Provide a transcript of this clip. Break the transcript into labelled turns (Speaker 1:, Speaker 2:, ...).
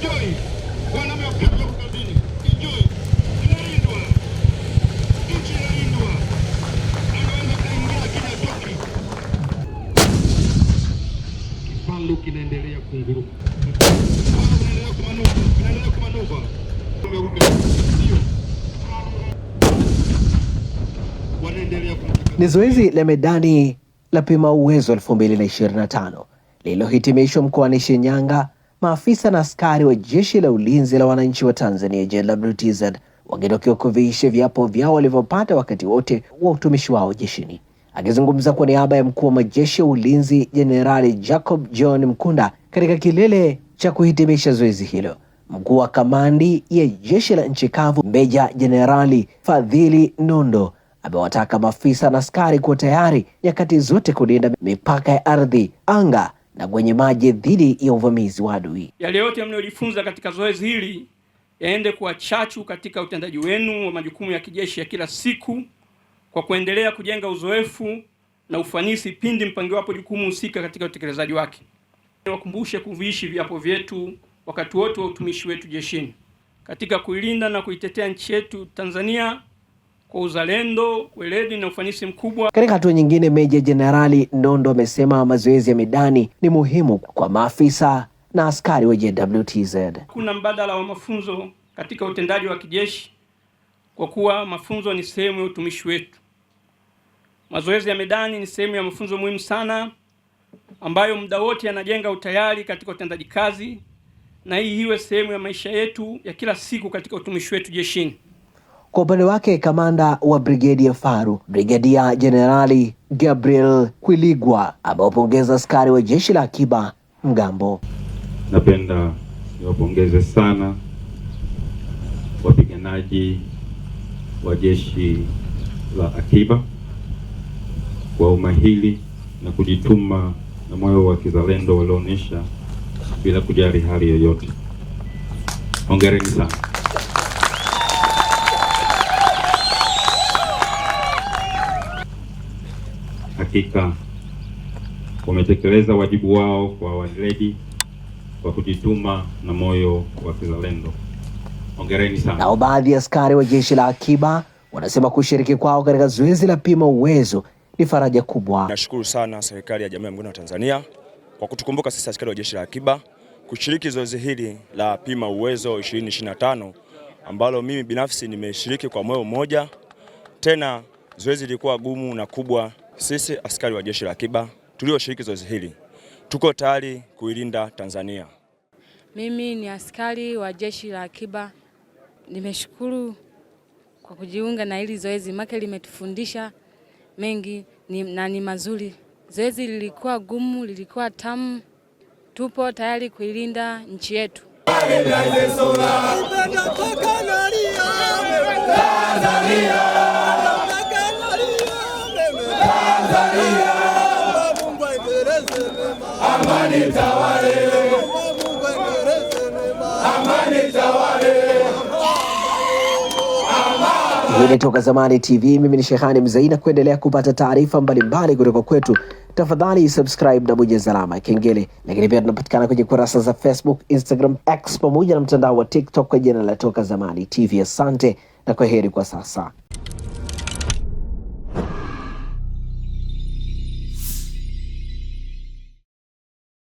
Speaker 1: Enjoy. Enjoy. Nchi inalindwa. Anaweza kaingia kinaendelea kunguruka. Kinaendelea Kinaendelea Ni zoezi la medani la pima uwezo 2025 lililohitimishwa mkoani Shinyanga maafisa na askari wa Jeshi la Ulinzi la Wananchi wa Tanzania JWTZ wangetakiwa kuviisha viapo vyao walivyopata wakati wote wa utumishi wao jeshini. Akizungumza kwa niaba ya mkuu wa majeshi ya ulinzi Jenerali Jacob John Mkunda katika kilele cha kuhitimisha zoezi hilo, mkuu wa kamandi ya jeshi la nchi kavu Meja Jenerali Fadhili Nondo amewataka maafisa na askari kuwa tayari nyakati zote kulinda mipaka ya ardhi, anga na kwenye maji dhidi ya uvamizi wa adui.
Speaker 2: Yale yote mnayojifunza katika zoezi hili yaende kuwa chachu katika utendaji wenu wa majukumu ya kijeshi ya kila siku, kwa kuendelea kujenga uzoefu na ufanisi pindi mpangiwapo jukumu husika katika utekelezaji wake. Niwakumbushe kuviishi viapo vyetu wakati wote wa utumishi wetu jeshini katika kuilinda na kuitetea nchi yetu Tanzania kwa uzalendo, weledi na ufanisi mkubwa.
Speaker 1: Katika hatua nyingine, Meja Jenerali Nondo amesema mazoezi ya medani ni muhimu kwa maafisa na askari wa JWTZ.
Speaker 2: Kuna mbadala wa mafunzo katika utendaji wa kijeshi kwa kuwa mafunzo ni sehemu ya utumishi wetu. Mazoezi ya medani ni sehemu ya mafunzo muhimu sana ambayo muda wote yanajenga utayari katika utendaji kazi, na hii iwe sehemu ya maisha yetu ya kila siku katika utumishi wetu jeshini.
Speaker 1: Kwa upande wake kamanda wa brigedi ya Faru, Brigedia Jenerali Gabriel Kwiligwa amewapongeza askari wa jeshi la akiba mgambo.
Speaker 3: Napenda niwapongeze sana wapiganaji wa jeshi la akiba kwa umahili na kujituma na moyo wa kizalendo walioonyesha bila kujali hali yoyote. Hongereni sana. hakika wametekeleza wajibu wao kwa waledi kwa kujituma na moyo wa kizalendo. Hongereni sana.
Speaker 1: Nao baadhi ya askari wa jeshi la akiba wanasema kushiriki kwao katika zoezi la pima uwezo ni faraja kubwa.
Speaker 2: Nashukuru sana serikali ya Jamhuri ya Muungano wa Tanzania kwa kutukumbuka sisi askari wa jeshi la akiba kushiriki zoezi hili la pima uwezo 2025 ambalo mimi binafsi nimeshiriki kwa moyo mmoja. Tena zoezi lilikuwa gumu na kubwa sisi askari wa jeshi la akiba tulioshiriki zoezi hili tuko tayari kuilinda Tanzania.
Speaker 4: Mimi ni askari wa jeshi la akiba, nimeshukuru kwa kujiunga na hili zoezi, make limetufundisha mengi na ni mazuri. Zoezi lilikuwa gumu, lilikuwa tamu. Tupo tayari kuilinda nchi yetu.
Speaker 1: Amani tawale, amani tawale. Hii ni Toka Zamani TV. Mimi ni Shehani Mzai, na kuendelea kupata taarifa mbalimbali kutoka kwetu, tafadhali subscribe na bonyeza alama ya kengele. Lakini pia tunapatikana kwenye kurasa za Facebook, Instagram, X pamoja na mtandao wa TikTok kwa jina la Toka Zamani TV. Asante na kwa heri kwa sasa.